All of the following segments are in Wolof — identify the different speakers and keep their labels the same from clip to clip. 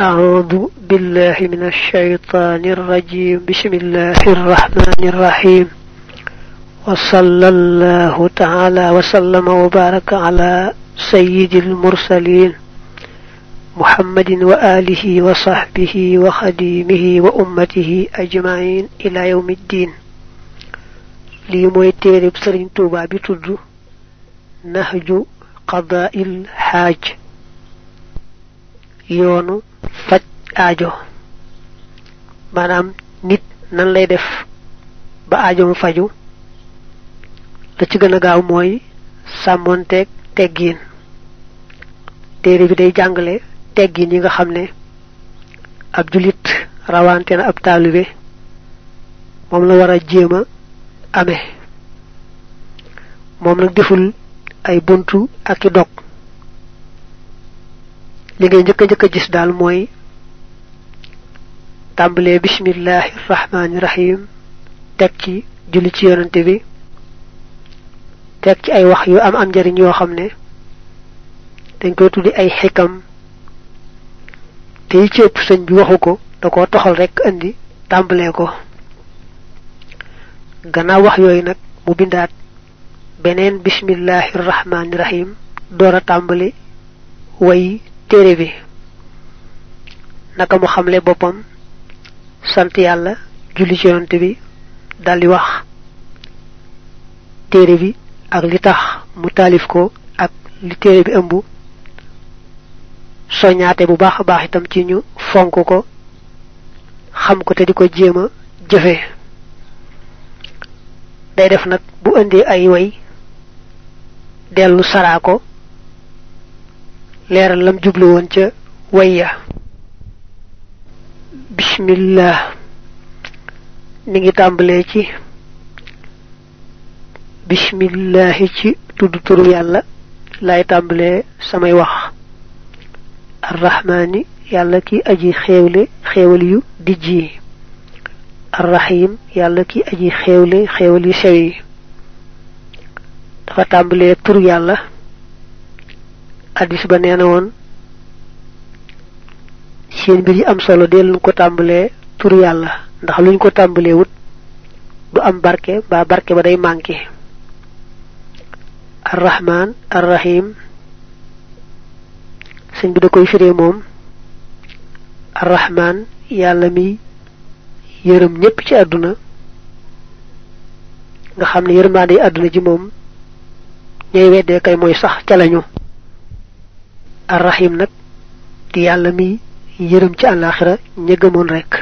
Speaker 1: أعوذ بالله من الشيطان الرجيم بسم الله الرحمن الرحيم وصلى الله تعالى وسلم وبارك على سيد المرسلين محمد وآله وصحبه وخديمه وأمته أجمعين إلى يوم الدين lii mooy téereb sëriñ Tuubaa bi tudd nahju qadaa'il xaaj yoonu faj aajo maanaam nit nan lay def ba aajo mu faju la ci gën a gaaw mooy sàmmoonteeg teggiin téere bi day jàngale teggiin yi nga xam ne ab jullit rawante na ab taalibe moom la war a jéema a moom nag deful ay buntu ak i dog li ngay njëkk a njëkk a gis daal mooy tàmbalee bismillahi rahmaani rahim teg ci julli ci yonante bi teg ci ay wax yu am am njariñ yoo xam ne te koy tuddi ay xikam te yi ci ëpp sëñ bi waxu ko da ko toxal rekk indi tàmbalee ko gannaaw wax yooyu nag mu bindaat beneen bismillahi rahmaani rahim door tàmbali way téere bi naka mu xamle boppam sant yàlla julli ci bi daldi wax téere bi ak li tax mu taalif ko ak li téere bi ëmb soññaate bu baax a baax itam ci ñu fonk ko xam ko te di ko jéem a jëfe day def nag bu indee ay way dellu saraa ko leeral lam jublu woon ca wayya bismillah mi ngi tàmbalee ci bismillahi ci tudd turu yàlla lay tàmbalee samay wax arrahmaani yàlla ki aji xeewle xeewal yu dijj yi arrahim yàlla ki aji xeewle xeewal yu sew yi dafa tàmbalee turu yàlla addis ba nee na woon seen mbir yi am solo dee luñ ko tàmbalee tur yàlla ndax luñ ko tàmbalee wut du am barke mbaa barke ba day manqué arrahman arrahim sëñ bi da koy firee moom arrahman yàlla mi yërëm ñépp ci àdduna nga xam ne yërmaande yi àdduna ji moom ñay weddee kay mooy sax ca lañu arrahim nag di yàlla mi yërëm ci àllaaxira ña gëmoon rekk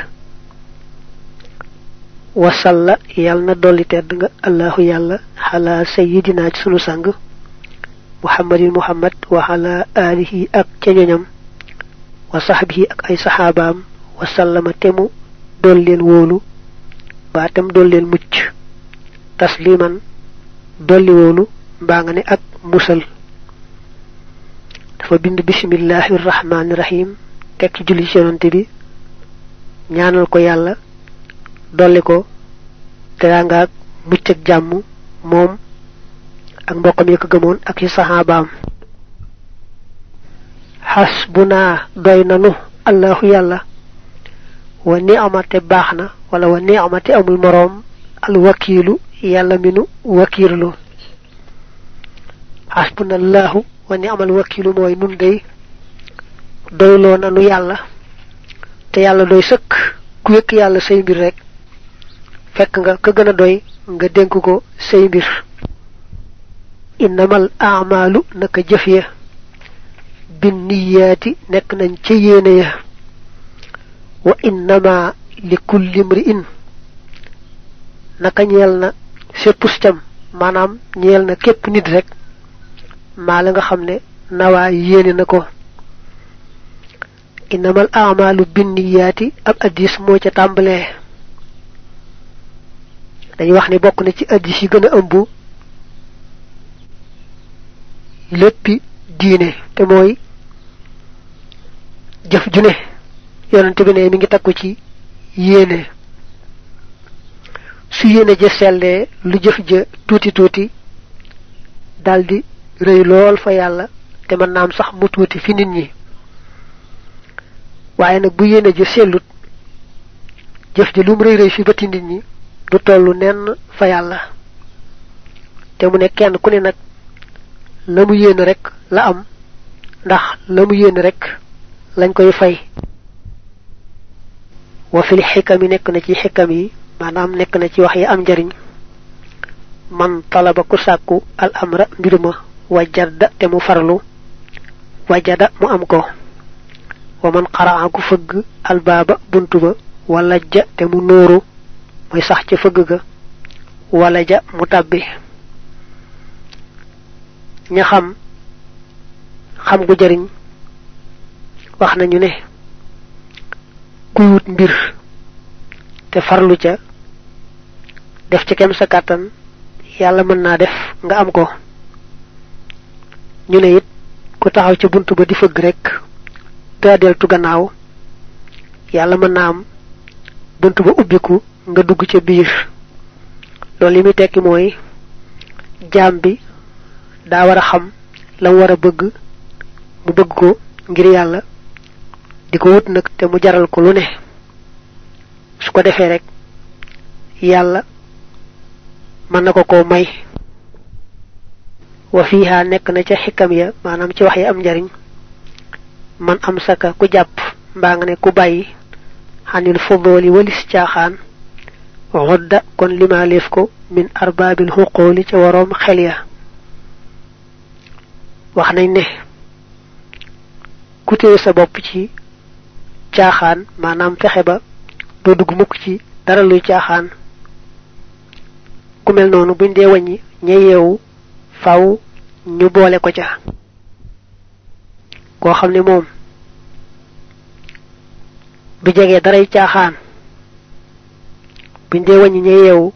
Speaker 1: wasalla yàlla na dolli tedd nga allahu yàlla xalaa sayidinaa ci sunu sang muhammadin muhammad wa xalaa aalihi ak ca ñoñam wa saxbihi ak ay saxaabaam wasallama temu dool leen wóolu mbaa tem dool leen mucc tasliman dolli wóolu mbaa nga ne ak musal dafa bind bisimillahi rahmaani rahim teg ci julli ci bi ñaanal ko yàlla dolli ko teraangaak mucc ak jàmm moom ak mbokkam yi ko gëmoon ak yu saxaabaam xasbuna doy nanu allahu yàlla wa ni amate baax na wala wa ni amate amul moroom al wakiilu yàlla mi nu wakiirlu xasbuna allahu wa ni amal wakilu mooy nun day doyloo nanu yàlla te yàlla doy sëkk ku yëkk yàlla say mbir rek fekk nga ka gën a doy nga dénk ko say mbir innamal aamaalu naka jëf ya bin niyaati nekk nañ ca yéene ya wa innama li kulli mri'in naka ñeel na séppustam maanaam ñeel na képp nit rekk maa la nga xam ne nawaa yéene na ko innamal amalu binniyaati ab addis moo ca tàmbalee dañuy wax ne bokk na ci addis yi gën a ëmb léppi diine te mooy jëf ju ne yonent bi ne mi ngi takku ci yéene su yéene ja sellee lu jëf ja tuuti tuuti daldi rëy lool fa yàlla te mën naam sax mu tuuti fi nit ñi waaye nag bu yéene ji sellut jëf ji lu mu rëy rëy fi bëti nit ñi du tollu nenn fa yàlla te mu ne kenn ku ne nag la mu yéene rek la am ndax la mu yéene rek lañ koy fay wa fil xikam yi nekk na ci xekkam yi maanaam nekk na ci wax yi am njariñ man talaba ku sàkku al amra mbir ma wajada te mu farlu wajada mu am ko wa man xaraa ku fëgg albaaba bunt ba wala ja te mu nóoru muy sax ca fëgg ga wala ja mu tàbbi ña xam xam gu jariñ wax nañu ne kuy wut mbir te farlu ca def ca kem sa kàttan yàlla mën naa def nga am ko ñu ne it ku taxaw ca bunt ba di fëgg rek daa deltu gannaaw yàlla mën na am bunt ba ubbiku nga dugg ca biir loolu li mu tekki mooy jaam bi daa war a xam la mu war a bëgg mu bëgg ko ngir yàlla di ko wut nag te mu jaral ko lu ne su ko defee rek yàlla mën na ko ko may wa fiiha nekk na ca xikam ya maanaam ci wax ya am njariñ man am saka ku jàpp mbaa nga ne ku bàyyi xanil fudooli walis caaxaan xodda kon limaaleef ko min arbaabil xuqooli ca waroom xel ya wax nañ ne ku sa bopp ci caaxaan maanaam fexe ba doo dugg mukk ci dara luy caaxaan ku mel noonu buñ dee wàññi ña yeewu faw ñu boole ko ca koo xam ni moom bu jege daray caaxaan buñ dee wàññi ña yeewu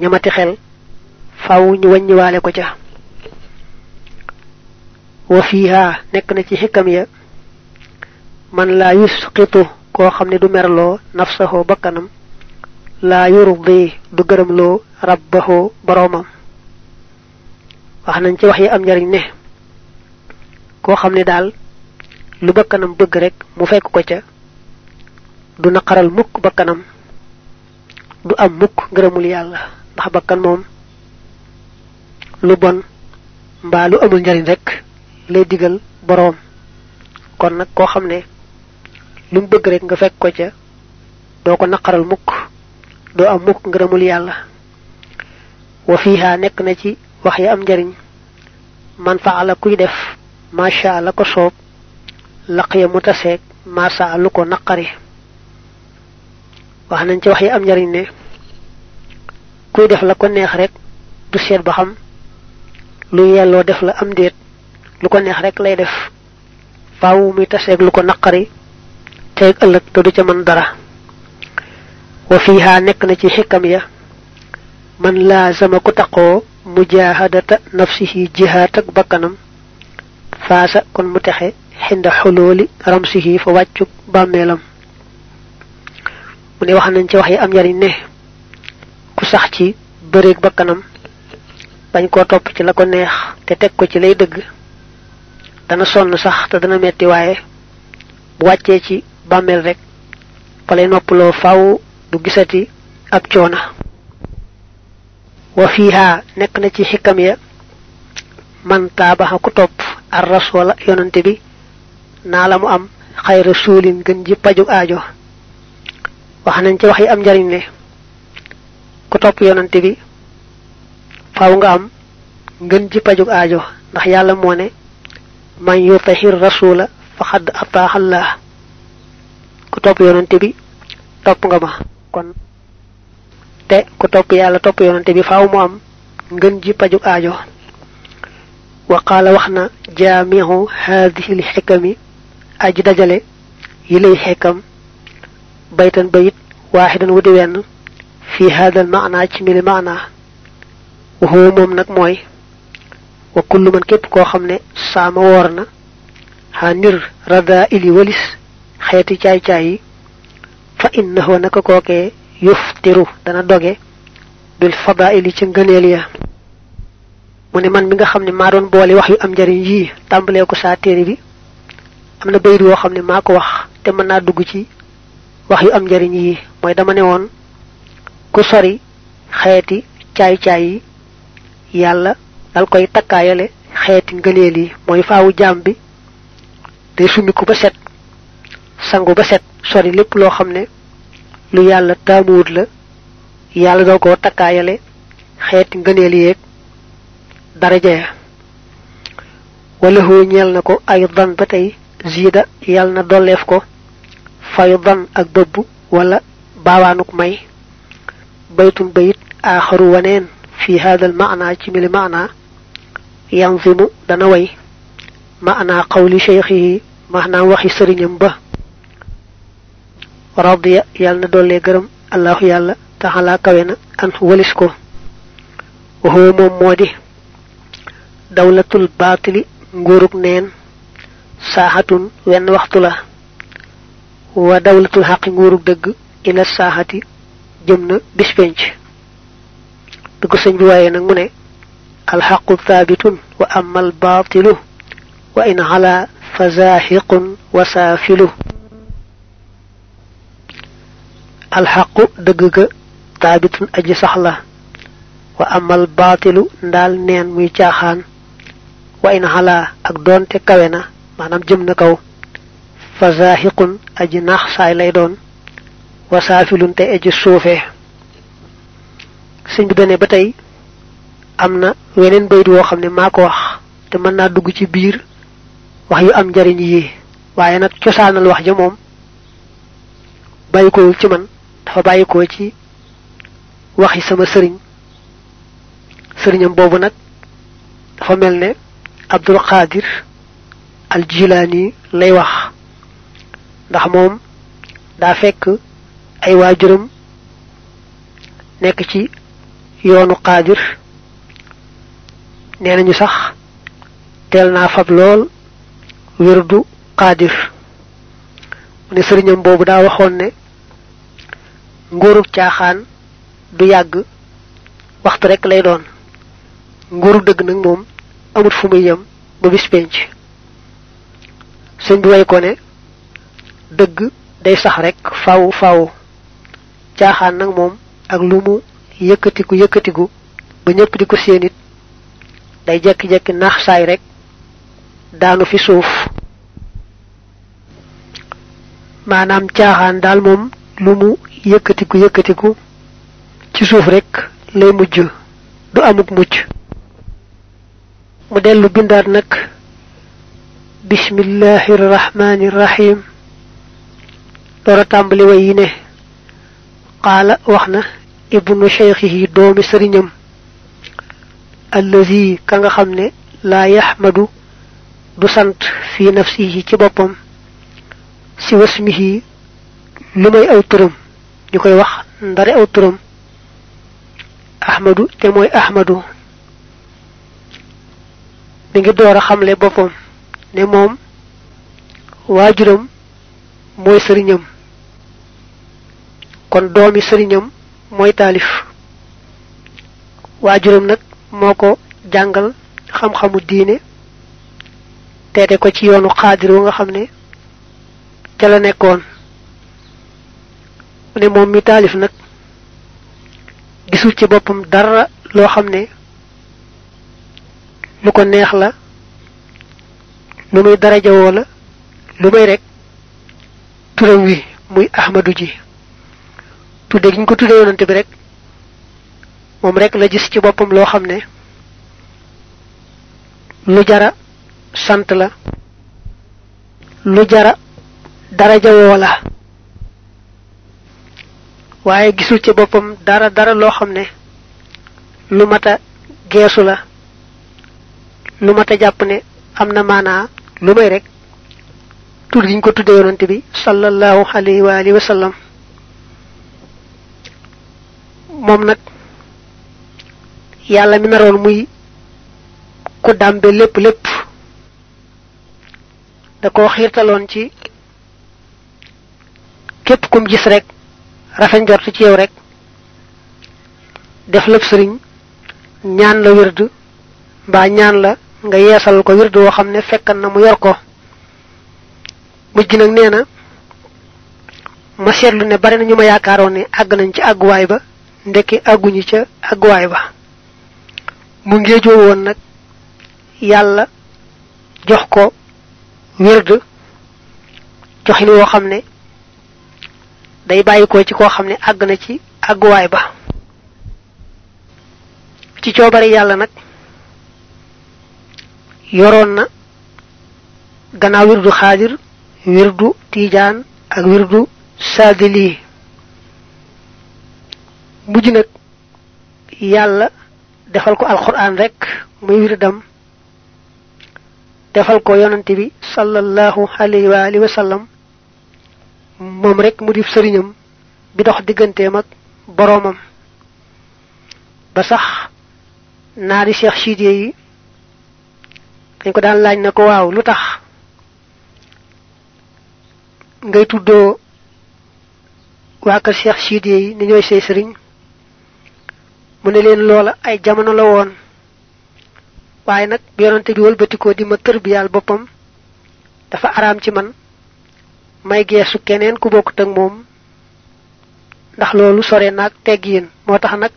Speaker 1: ñamati xel faw ñu wàññiwaale ko ca wa fiiha nekk na ci xikam ya man laa yusqitu koo xam ne du merloo nafsahu bakkanam laa yurdi du gërëmloo rabbahu boroomam wax nañ ci wax yi am njariñ ne koo xam ne daal lu bakkanam bëgg rekk mu fekk ko ca du naqaral mukk bakkanam du am mukk ngërëmul yàlla ndax bakkan moom lu bon mbaa lu amul njariñ rekk lay diggal boroom kon nag koo xam ne lu mu bëgg rek nga fekk ko ca doo ko naqaral mukk doo am mukk ngërëmul yàlla wa fiiha nekk na ci wax yi am njariñ man fa la kuy def macha la ko soob laq ya mu taseeg maasa lu ko naqari wax nañ ca wax yi am njariñ ne kuy def la ko neex rek du seet ba xam lu yelloo def la am déet lu ko neex rek lay def faaw muy taseeg lu ko naqari teeg ëllëg te du ca mën dara wa fiiha nekk na ci xikam ya man laa sama ku taqoo mujahadata nafsihi jihaat ak bakkanam faasa kon mu texe xinda xolooli ramsihi fa wàccu bàmmeelam mu ne wax nañ ci wax yi am njariñ ne ku sax ci bëreeg bakkanam dañ koo topp ci la ko neex te teg ko ci lay dëgg dana sonn sax te dana metti waaye bu wàccee ci bàmmeel rek fa lay noppaloo faw du gisati ab coona wa fiiha nekk na ci xikam ya man taabaxa ku topp ar rasula yonante bi naa la mu am xayra suulin gën ji pajug aajo wax nañ ci wax yi am njariñ ne ku topp yonante bi faw nga am ngën ji pajug aajo ndax yàlla moo ne man yutahir rasula faqad ataaxallah ku topp yonante bi topp nga ma kon te ku topp yàlla topp yonante bi faaw mu am ngën ji paju aajo wa qaala wax na jaamihu haadihil xikami aji dajale yi lay xikam baytan bayit waaxidan wu di wenn fii haadal maanaa ci mili maanaa waxoo moom nag mooy wa kullu man képp koo xam ne saama woor na xanir rada ili walis xeeti caay-caay yi fa innahu naka kookee yuftiru dana doge bil fadaili ci ngëneel ya mu ne man bi nga xam ne maa doon boole wax yu am njariñ yii tàmbalee ko saa téere bi am na bayit woo xam ne maa ko wax te mën naa dugg ci wax yu am njariñ yii mooy dama ne woon ku sori xeeti caay-caay yi yàlla dal koy takkaayale xeeti ngëneel yi mooy faawu jaam bi day summiku ba set sangu ba set sori lépp loo xam ne lu yàlla taamuwut la yàlla doo ko takkaayale xeeti ngëneel yeeg daraja ya wala hu ñeel na ko ay dan ba tey ziida yàlla na dolleef ko fayu dan ak bëbb wala baawaanuk may baytum bayit aaxaru waneen fi haadal maana ci mili maana yanzimu dana way maana qawli cheikh yi maanaam waxi sëriñam ba radiya yàlla na doollee gërëm allahu yàlla taxalaa kawe na an walis ko waxoo moom moo di dawlatul baatili nguurug neen saaxatun wenn waxtu la wa dawlatul xaqi nguurug dëgg ila saaxati jëm na bis penc bi ko sëñ bi waaye nag mu ne alxaqu thaabitun wa in xalaa fa zaaxiqun wa saafilu alxaqu dëgg ga taabitun aji sax wa amal baatilu ndaal neen muy caaxaan wa in xalaa ak doonte kawe na maanaam jëm na kaw fa zaaxiqun aji naax saay lay doon wa saafilun te aji suufee sëñ bi dane ba tey am na weneen bayit woo xam ne maa ko wax te mën naa dugg ci biir wax yu am njariñ yi waaye nag cosaanal wax ja moom bàyyikowul ci man dafa bàyyikoo ci waxi sama sëriñ sëriñam boobu nag dafa mel ne Abdul Qadir al Jilaani lay wax ndax moom daa fekk ay waajuram nekk ci yoonu Qadir nee nañu sax teel naa fab lool wérdu Qadir mu ne sëriñam boobu daa waxoon ne nguurub caaxaan du yàgg waxtu rekk lay doon nguurub dëgg nag moom amut fu muy yem ba bis penc sëñ bi way ko ne dëgg day sax rekk faaw faw caaxaan nag moom ak lu mu yëkkatiku yëkkatiku ba ñëpp di ko séen it day jekki-jekki naax saay rekk daanu fi suuf maanaam caaxaan daal moom lu mu yëkkatiku yëkkatiku ci suuf rekk lay mujj du amuk mucc mu dellu bindaat nag bismillahi rahmaani tàmbali way yi ne qaala wax na ibnu cheikhihi doomi sëriñam allazi ka nga xam ne laa yaxmadu du sant fi nafsihi ci boppam si wasmihi lu may aw turam ñu koy wax ndare aw turam ahmadu te mooy ahmadu mi ngi door a xamle boppam ne moom waajuram mooy sëriñam kon doomi sëriñam mooy taalif waajuram nag moo ko jàngal xam-xamu diine teete ko ci yoonu xaadir wu nga xam ne ca la nekkoon jàpp ne moom mi taalif nag gisul ci boppam dara loo xam ne lu ko neex la lu muy darajawoo la lu may rekk turam wi muy ahmadu ji tudde gi ñu ko tudde yonante bi rek moom rek la gis ci boppam loo xam ne lu jara sant la lu jara darajawoo la waaye gisul ci boppam dara dara loo xam ne lu mat a geesu la lu mat a jàpp ne am na maanaa lu may rek tur gi ñu ko tuddee yonante bi sallallahu alayhi wa alihi moom nag yàlla mi naroon muy ku dàmbe lépp lépp da koo xiirtaloon ci képp kum gis rek rafet njort ci yow rek def lëb sëriñ ñaan la wird mbaa ñaan la nga yeesal ko wird woo xam ne fekkan na mu yor ko mujj nag nee na ma seetlu ne bari na ñu ma yaakaaroon ne àgg nañ ci àgguwaay ba ndekki àgguñu ca àgguwaay ba mu ngéejoo woon nag yàlla jox ko wird joxin woo xam ne day bàyyi ko ci koo xam ne àgg na ci àgguwaay ba ci coobare yàlla nag yoroon na gannaaw wirdu xaadir wirdu tiijaan ak wirdu saadili mujj nag yàlla defal ko alquran rekk muy wirdam defal ko yonante bi sallallahu alayhi wa alihi wa sallam moom rek mu di sëriñam bi dox digganteem ak boroomam ba sax naari Cheikh Sidiye yi dañ ko daan laaj na ko waaw lu tax ngay tuddoo waa kër Cheikh yi ni ñooy say sëriñ mu ne leen loola ay jamono la woon waaye nag bi yonante bi wëlbatikoo di ma tërbiyaal boppam dafa araam ci man may geesu keneen ku bokk teg moom ndax loolu sore naag teggiin moo tax nag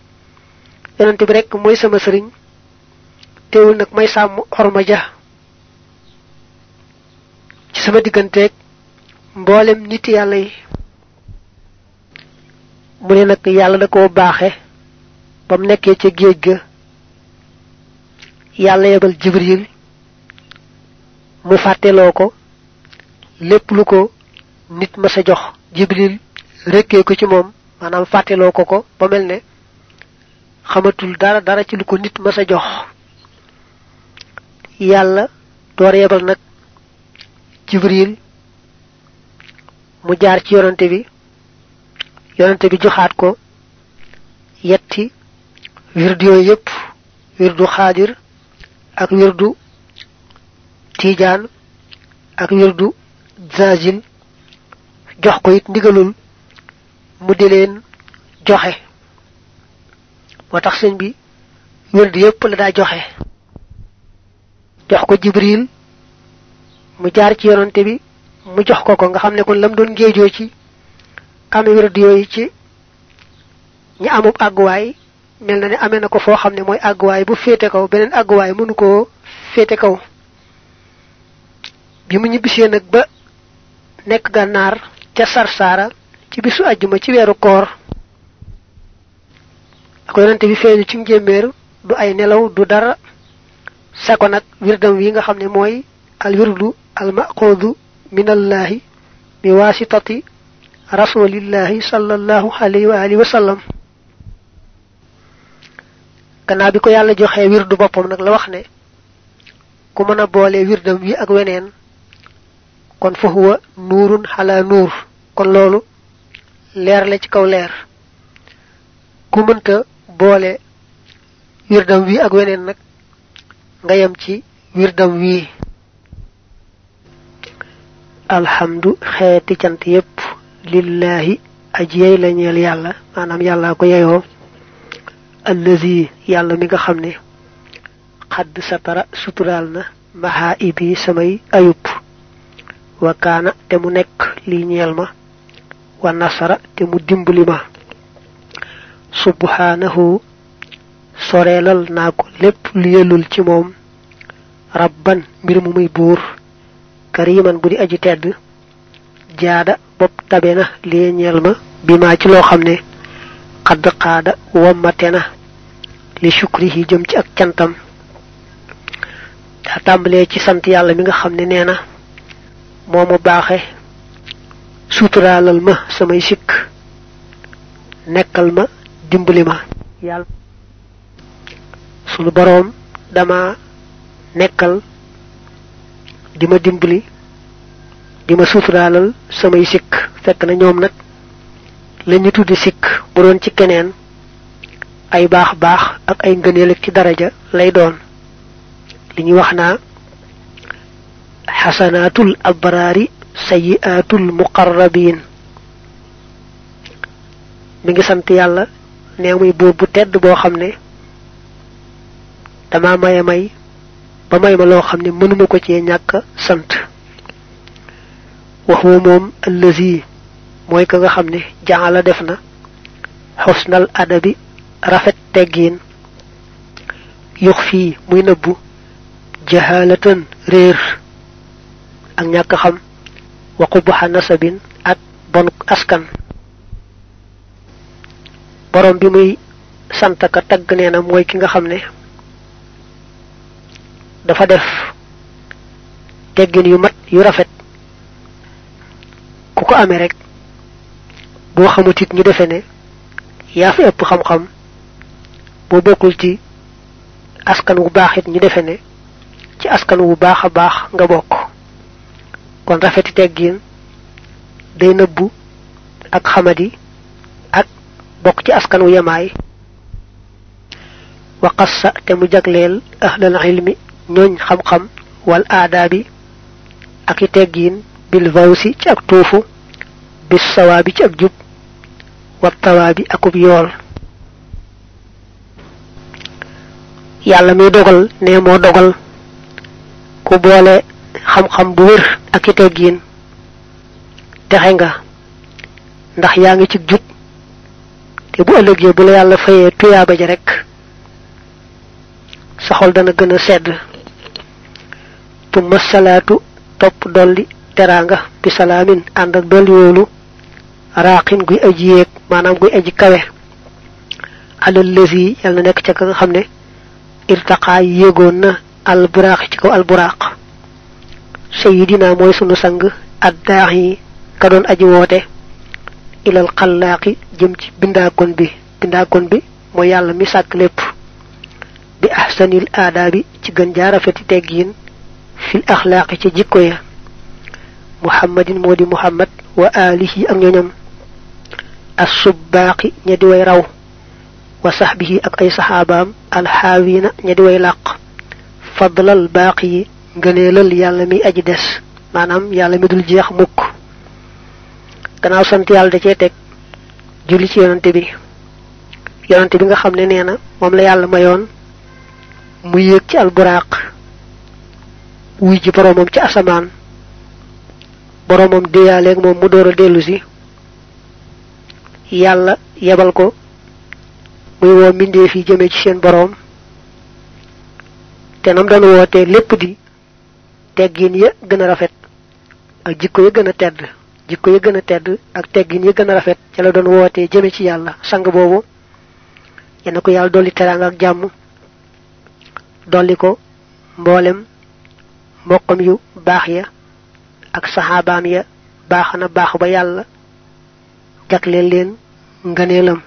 Speaker 1: yonent bi rekk mooy sama sëriñ teewul nag may sàmm xorma ja ci sama digganteeg mboolem nit yàlla yi mu ne nag yàlla da koo baaxe ba mu nekkee ca géej ga yàlla yebal jibril mu fàtteloo ko lépp lu ko nit ma sa jox jibril rekkee ko ci moom maanaam fàtteloo ko ko ba mel ne xamatul dara dara ci lu ko nit ma sa jox yàlla door yebal nag jibril mu jaar ci yonante bi yonante bi joxaat ko yetti wirdu yooyu yëpp wirdu xaadir ak wirdu tiijaan ak wirdu zaazil jox ko it ndigalul mu di leen joxe moo tax sëñ bi wird yépp la daa joxe jox ko jibril mu jaar ci yonante bi mu jox ko ko nga xam ne kon lam doon géejoo ci xame wird yooyu ci ñi amub àgguwaay mel na ne amee na ko foo xam ne mooy àgguwaay bu féete kaw beneen àgguwaay mënu koo féete kaw bi mu ñibbisee nag ba nekk gànnaar ca sarsaara ci bisu àjjuma ci weeru koor ak yonante bi feeñu ci njéeméer du ay nelaw du dara sako nag wirdam wi nga xam ne mooy al wirdu al maxuudu minallaahi bi waasitati rasulillahi sallallahu alayhi wa alihi gannaaw bi ko yàlla joxe wirdu boppam nag la wax ne ku mën a boole wirdam wi ak weneen kon fa huwa nuurun xala nuur kon loolu leer la ci kaw leer ku mënta boole wirdam wi ak weneen nag nga yem ci wirdam wii alhamdu xeeti cant yépp lillaahi aji yey la ñeel yàlla maanaam yàllaa ko yeyoo allazi yàlla mi nga xam ne xadd satara suturaal na mahaa ibi samay ayub wakaana te mu nekk lii ñeel ma wa nasara te mu dimbali ma subhanahu soreelal naa ko lépp lu yellul ci moom rabban mbir mu muy buur kariman bu di aji tedd jaada bopp tabe na lee ñeel ma bi maa ci loo xam ne xadd xaada wommate na li sukri yi jëm ci ak cantam daa tàmbalee ci sant yàlla mi nga xam ne nee na moo mu baaxe suturaalal ma samay sikk nekkal ma dimbali ma yàlla sunu boroom dama nekkal di ma dimbali di ma suturaalal samay sikk fekk na ñoom nag la ñu tuddi sikk bu doon ci keneen ay baax baax ak ay ngëneel ak ci daraja lay doon li ñuy wax naa xasanaatul abraari sayyi'aatul muqarrabiin mu ngi sant yàlla nee muy buur bu tedd boo xam ne dama maye may ba may ma loo xam ne mënuma ko ci ñàkk sant wax wa moom allazi mooy ka nga xam ne jaala def na xusnal adabi rafet teggiin yux fii muy nëbbu jahalatan réer ak ñàkk xam wa qubha nasabin ak bon askan borom bi muy sant ka tagg nee na mooy ki nga xam ne dafa def teggin yu mat yu rafet ku ko amee rekk boo xamut it ñu defe ne yaa fi ëpp xam-xam boo bokkul ci askan wu baax ñu defe ne ci askan wu baax a baax nga bokk kon rafeti teggin day nëbbu ak xamadi ak bokk ci askan wu yamaay wa qassa te mu jagleel ahlal ilmi ñooñ xam-xam wal aadaabi ak i teggiin bil ci ak tuufu bis sawaabi ci ak jub wa tawaabi akub yool yàlla mi dogal ne moo dogal ku boole xam-xam bu wér ak i teggiin texe nga ndax yaa ngi ci jub te bu ëllëgee bu la yàlla fayee tuyaaba ja rek sa xol dana gën a sedd tu masalaatu topp dolli teraanga bi salaamin ànd ak dolli wóolu raaxin guy aji yéeg maanaam guy aji kawe alal lësi yàlla nekk ca ka xam ne irtaqaa yéegoon na alburaax ci kaw alburaax sayidina mooy sunu sang addaax yi ka doon aji woote ilal xallaaqi jëm ci bindaakon bi bindaakon mooy yàlla mi sàkk lépp bi ahsanil aadaabi ci gën jaarafeti teggiin fil axlaaqi ci jikko ya muhammadin moo di muhammad wa alihi ak ñooñam as subbaaqi ña di way raw wa saxbihi ak ay saxaabaam alxaawina ña di way làq fadlal baaqi yi lël yàlla mi aji des maanaam yàlla mi dul jeex mukk gannaaw sant yàlla da cee teg julli ci yonante bi yonante bi nga xam ne nee na moom la yàlla mayoon mu yéeg ci alburaaq wuy ji boroomam ci asamaan boroomam déyaaleeg moom mu door a dellu yàlla yebal ko muy woo mbindeef yi jëmee ci seen boroom te nam doon wootee lépp di teggin ya gën a rafet ak jikko ya gën a tedd jikko ya gën a tedd ak teggin ya gën a rafet ca la doon wootee jëme ci yàlla sang boobu yenn ko yàlla dolli teraanga ak jàmm dolli ko mboolem mbokkam yu baax ya ak saxaabaam ya baax na baax ba yàlla jagleel leen ngëneelam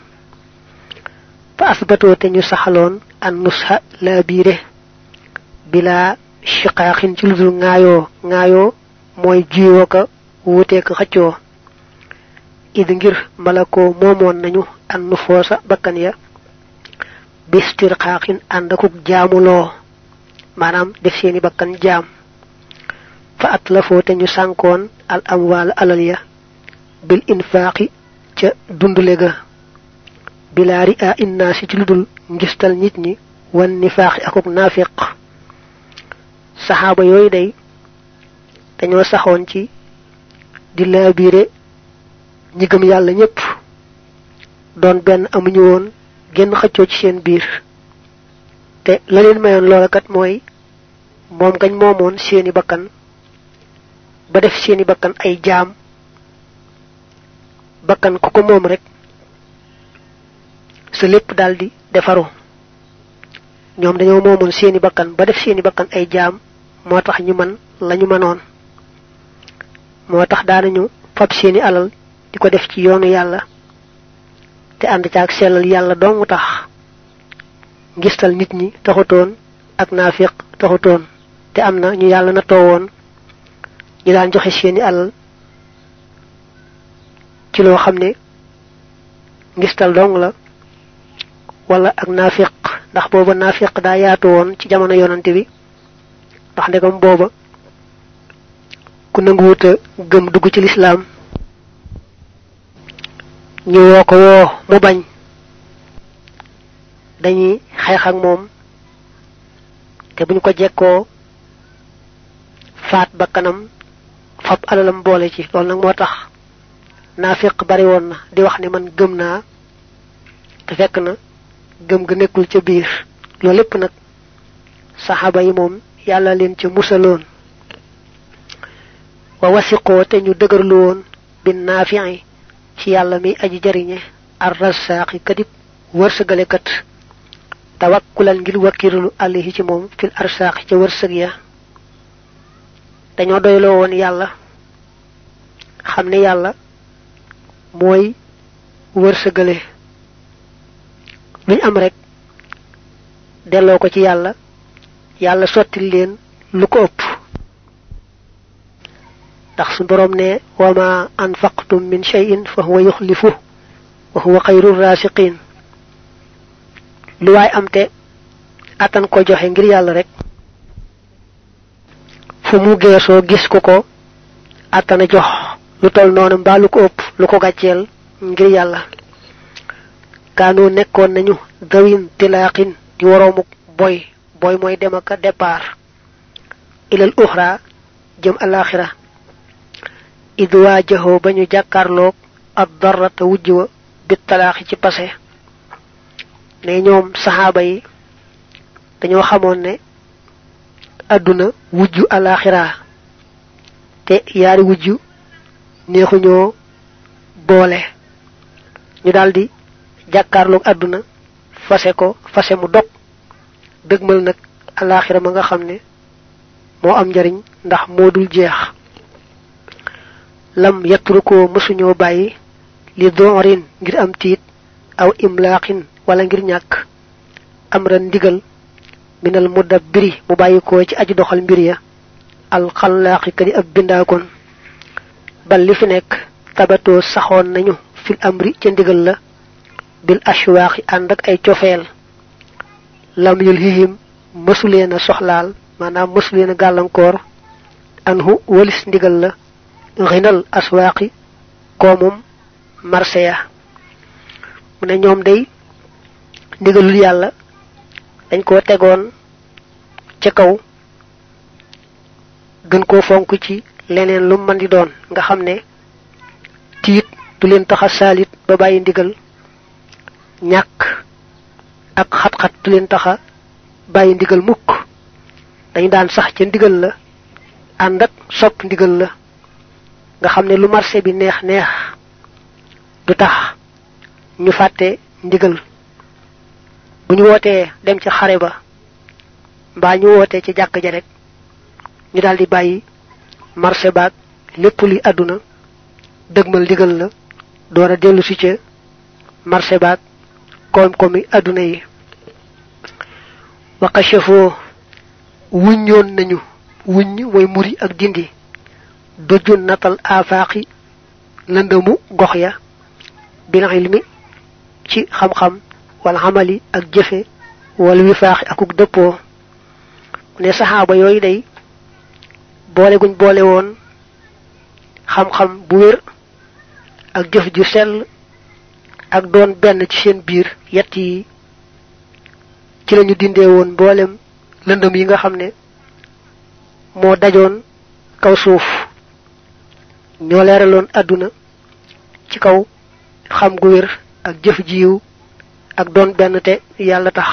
Speaker 1: fa asbatoo te ñu saxaloon an nusha la biire bilaa shiqaaxin ci lu mooy jiwoo ka wuuteek xëccoo ngir malakoo moomoon nañu an nu foosa bakkan ya bistir xaaxin ànd akuk jaamuloo maanaam def seeni bakkan jaam fa at la foo te ñu sànkoon al amwaal alal ya bil infaaqi ca dundle ga bilaari a innaasi ci lu ngistal nit ñi wan nifaaxi akuk naafiq saxaaba yooyu day dañoo saxoon ci di laabiire ñi gëm yàlla ñépp doon benn amuñu woon génn xëccoo ci seen biir te la leen mayoon loola mooy moom gañ moomoon seeni bakkan ba def seeni bakkan ay jaam bakkan ku ko moom rek sa lépp daldi defaru ñoom dañoo moomoon seeni bakkan ba def seeni bakkan ay jaam moo tax ñu man lañu ñu mënoon moo tax daanañu fab seeni alal di ko def ci yoonu yàlla te ànd ci ak sellal yàlla dong tax ngistal nit ñi taxutoon ak naafiq taxutoon te am na ñu yàlla na toowoon ñi daan joxe seeni alal ci loo xam ne ngistal dong la wala ak naafiq ndax booba naafiq daa yaatu woon ci jamono yonante bi ndax ndegam booba ku nanguwut a gëm dugg ci lislaam ñu woo ko woo mu bañ dañuy xeex ak moom te buñ ko jekkoo faat bakkanam fab alalam boole ci loolu nag moo tax naafiq bari woon na di wax ne man gëm naa te fekk na gëm ga nekkul ca biir loolu lépp nag saxaaba yi moom yàlla leen ca musaloon wa wasiqoo te ñu dëgërlu woon bi naafi'i ci yàlla mi aji jariñe ar rasaaqi kadib wërsëgalekat tawakkulan ngir wakkirulu àllihi ci moom fil arsaaqi ca wërsëg ya dañoo doyloo woon yàlla xam ne yàlla mooy wërsëgale luñ am rek delloo ko ci yàlla yàlla sotti leen lu ko ëpp ndax su borom ne wa ma anfaqtum min shay'in fa huwa yuxlifu wa huwa xayru raasiqiin lu waay am te attan ko joxe ngir yàlla rek fu mu geesoo gis ku ko attana jox lu toll noonu mbaa ko ëpp lu ko gàcceel ngir yàlla kaanu nekkoon nañu dawin tilaaqin di waroomu boy booy mooy dem ak a départ ilal uxra jëm alaxira id waajahoo ba ñu jàkkaarloog ab darrata wujj wa bit ci pase ne ñoom saxaaba yi dañoo xamoon ne àdduna wujju alaxira te yaari wujj neexuñoo boole ñu daldi jàkkaarloog àdduna fase ko fase mu dog dëgmal nag alaaxira ma nga xam ne moo am njariñ ndax moo dul jeex lam yatrukoo mësuñoo bàyyi li doorin ngir am tiit aw imlaaxin wala ngir ñàkk am ran ndigal minal mudabbiri mu bàyyikoo ci aji doxal mbir ya alxallaaxi kadi ab bindaakoon bal li fi nekk tabatoo saxoon nañu fil amri ca ndigal la bil ashwaaxi ànd ak ay cofeel lam yulhihim mësuleen a soxlaal maanaam mësuleen a gàllankoor anhu walis ndigal la xinal aswaaqi koomum marché ya mu ne ñoom day ndigalul yàlla dañ koo tegoon ca kaw gën koo fonk ci leneen lu mën di doon nga xam ne tiit du leen tax a saalit ba bàyyi ndigal ñàkk ak xat-xat du leen taxa bàyyi ndigal mukk dañu daan sax ca ndigal la ànd ak sopp ndigal la nga xam ne lu marché bi neex neex du tax ñu fàtte ndigal bu ñu wootee dem ci xare ba mbaa ñu wootee ci jàkk ja rek ñu daal bàyyi marché baag lépp li àdduna dëgmal ndigal la door a dellu ca marché baag koom-koomi àdduna yi waqachafoo wuññoon nañu wuññ mooy muri ak dindi doju natal afaaqi lëndëmu gox ya bil ilmi ci xam-xam wal xamali ak jëfe wala wifaaxi akuk dëppoo ne saxaaba yooyu day boole guñ boole woon xam-xam bu wér ak jëf ju sell ak doon benn ci seen biir yett yi ci lañu dindee woon mboolem lëndëm yi nga xam ne moo dajoon kaw suuf ñoo leeraloon àdduna ci kaw xam gu wér ak jëf jiw ak doon benn te yàlla tax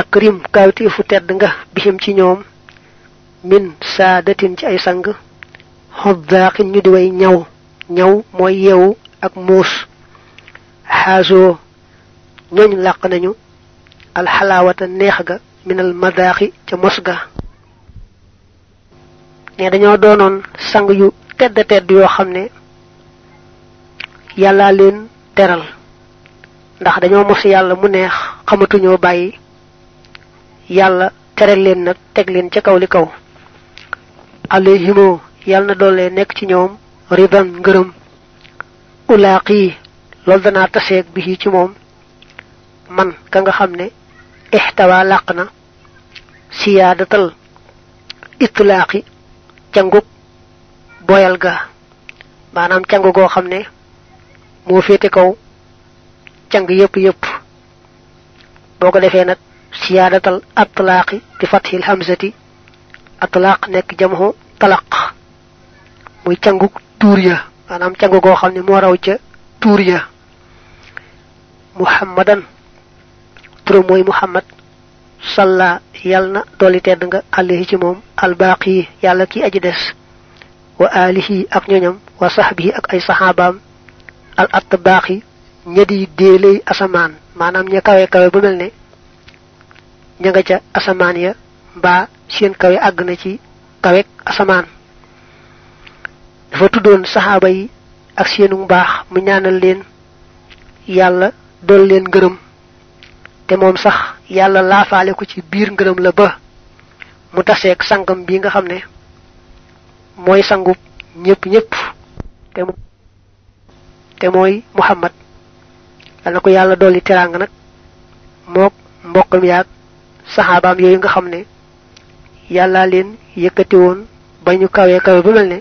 Speaker 1: ak rim kawtéefu tedd nga bihim ci ñoom min saadatin ci ay sang xoddaaxin ñu di way ñaw ñaw mooy yeewu ak muus xaasoo ñooñ làq nañu alxalaawata neex ga minal madaaxi ca mos ga ne dañoo doonoon sang yu tedd tedd yoo xam ne yàllaa leen teral ndax dañoo mos yàlla mu neex xamatuñoo bàyyi yàlla teral leen nag teg leen ca kaw li kaw alayhimoo yàlla na doole nekk ci ñoom riban ngërëm ulaaq yi loolu danaa taseeg bi ci moom man ka nga xam ne ixtawaa làq na siyaadatal itlaaqi cangug boyal ga maanaam cangu goo xam ne moo féete kaw cang yëpp yëpp boo ko defee nag siyaadatal atlaaqi bi fathil hamzati atlaaq nekk jamxu talaq muy cangug tuur ya maanaam cang goo xam ne moo raw ca tuur ya muhammadan turam mooy muhammad salla yàlla na dolli tedd nga àllahi ci moom albaaqi yi yàlla ki aji des wa alihi ak ñoñam wa sahbihi ak ay saxaabaam al atbaax yi ña di déelay asamaan maanaam ña kawe kawe bu mel ne ña nga ca asamaan ya mbaa seen kawe àgg na ci kaweek asamaan dafa tuddoon saxaaba yi ak seenu mbaax mu ñaanal leen yàlla doon leen ngërëm te moom sax yàlla laafaale ko ci biir ngërëm la ba mu taseeg sangam bi nga xam ne mooy sangub ñëpp ñëpp te te mooy Muhammad na ko yàlla dolli teraanga nag mook mbokkam yaag saxaabaam yooyu nga xam ne yàllaa leen yëkkati woon ba ñu kawee kawe ba mel ne